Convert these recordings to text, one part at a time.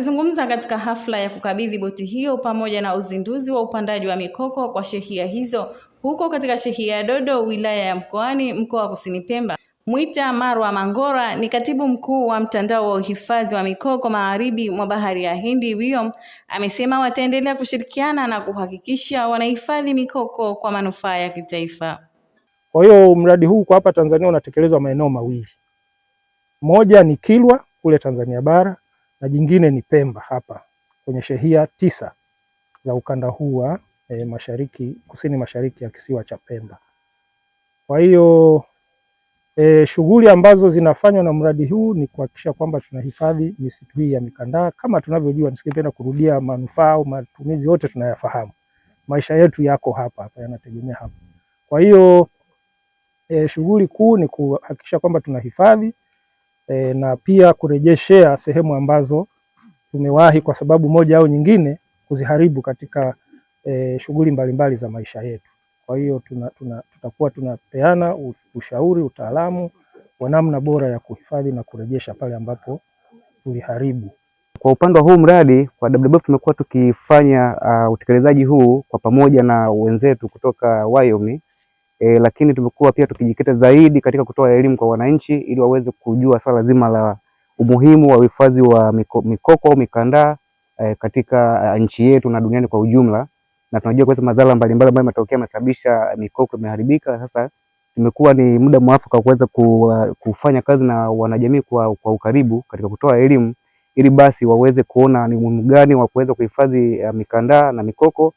Akizungumza katika hafla ya kukabidhi boti hiyo pamoja na uzinduzi wa upandaji wa mikoko kwa shehia hizo huko katika shehia ya Dodo wilaya ya Mkoani mkoa wa Kusini Pemba, Mwita Marwa Mangora ni katibu mkuu wa mtandao wa uhifadhi wa mikoko magharibi mwa bahari ya Hindi WIOM amesema wataendelea kushirikiana na kuhakikisha wanahifadhi mikoko kwa manufaa ya kitaifa. Kwa hiyo mradi huu kwa hapa Tanzania unatekelezwa maeneo mawili, moja ni Kilwa kule Tanzania bara na jingine ni Pemba hapa kwenye shehia tisa za ukanda huu wa e, mashariki kusini mashariki ya kisiwa cha Pemba. Kwa hiyo e, shughuli ambazo zinafanywa na mradi huu ni kuhakikisha kwamba tunahifadhi misitu hii ya mikandaa kama tunavyojua. Nisingependa kurudia manufaa au matumizi yote tunayafahamu, maisha yetu yako hapa hapa, yanategemea hapa. Kwa hiyo e, shughuli kuu ni kuhakikisha kwamba tunahifadhi e, na pia kurejeshea sehemu ambazo tumewahi kwa sababu moja au nyingine kuziharibu katika e, shughuli mbalimbali za maisha yetu. Kwa hiyo tuna, tuna, tutakuwa tunapeana ushauri, utaalamu wa namna bora ya kuhifadhi na kurejesha pale ambapo tuliharibu. Kwa upande wa huu mradi kwa WWF tumekuwa tukifanya uh, utekelezaji huu kwa pamoja na wenzetu kutoka Wyoming e, lakini tumekuwa pia tukijikita zaidi katika kutoa elimu kwa wananchi ili waweze kujua swala zima la umuhimu wa uhifadhi wa miko, mikoko au mikandaa e, katika nchi yetu na duniani kwa ujumla, na tunajua kuweza madhara mbalimbali ambayo yametokea yamesababisha mikoko imeharibika. Sasa imekuwa ni muda mwafaka wa kuweza kufanya kazi na wanajamii kwa, kwa ukaribu katika kutoa elimu ili basi waweze kuona ni umuhimu gani wa kuweza kuhifadhi mikandaa na mikoko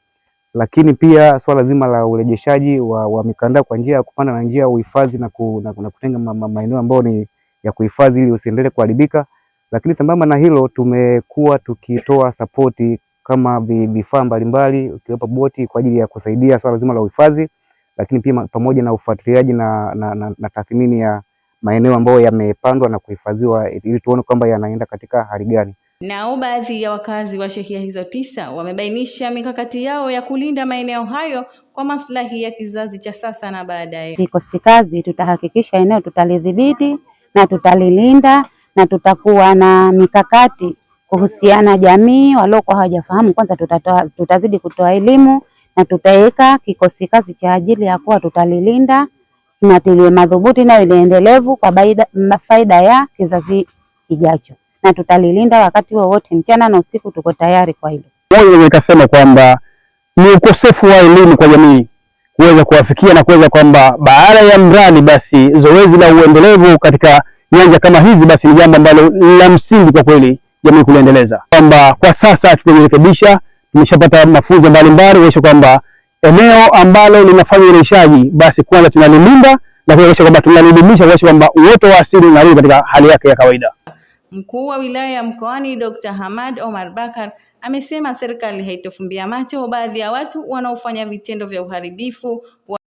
lakini pia swala zima la urejeshaji wa, wa mikanda kwa njia ya kupanda na njia ya uhifadhi na, ku, na, na kutenga maeneo ambayo ni ya kuhifadhi ili usiendelee kuharibika. Lakini sambamba na hilo, tumekuwa tukitoa sapoti kama vifaa mbalimbali ukiwepo boti kwa ajili ya kusaidia swala zima la uhifadhi, lakini pia pamoja na ufuatiliaji na, na, na, na tathmini ya maeneo ambayo yamepandwa na kuhifadhiwa ili tuone kwamba yanaenda katika hali gani. Nao baadhi ya wakazi wa shehia hizo tisa wamebainisha mikakati yao ya kulinda maeneo hayo kwa maslahi ya kizazi cha sasa na baadaye. Kikosi kazi tutahakikisha eneo tutalidhibiti na tutalilinda na tutakuwa na mikakati kuhusiana jamii waliokuwa hawajafahamu. Kwanza tutatoa, tutazidi kutoa elimu na tutaweka kikosi kazi cha ajili ya kuwa tutalilinda na tulie madhubuti nayo ile endelevu kwa faida ya kizazi kijacho na tutalilinda wakati wowote, mchana na usiku, tuko tayari kwa hilo. Moja nikasema kwamba ni ukosefu wa elimu kwa jamii kuweza kuwafikia na kuweza kwamba baada ya mradi basi zoezi la uendelevu katika nyanja kama hizi basi ni jambo ambalo la msingi kwa kweli jamii kuliendeleza, kwamba kwa sasa tumejirekebisha, tumeshapata mafunzo mbalimbali kuonyesha kwamba eneo ambalo linafanya ulishaji basi kwanza tunalilinda na kuhakikisha kwamba tunalidumisha kuhakikisha kwamba uoto wa asili unarudi katika hali yake ya kawaida. Mkuu wa wilaya ya Mkoani Dr. Hamad Omar Bakar amesema serikali haitofumbia macho baadhi ya watu wanaofanya vitendo vya uharibifu wa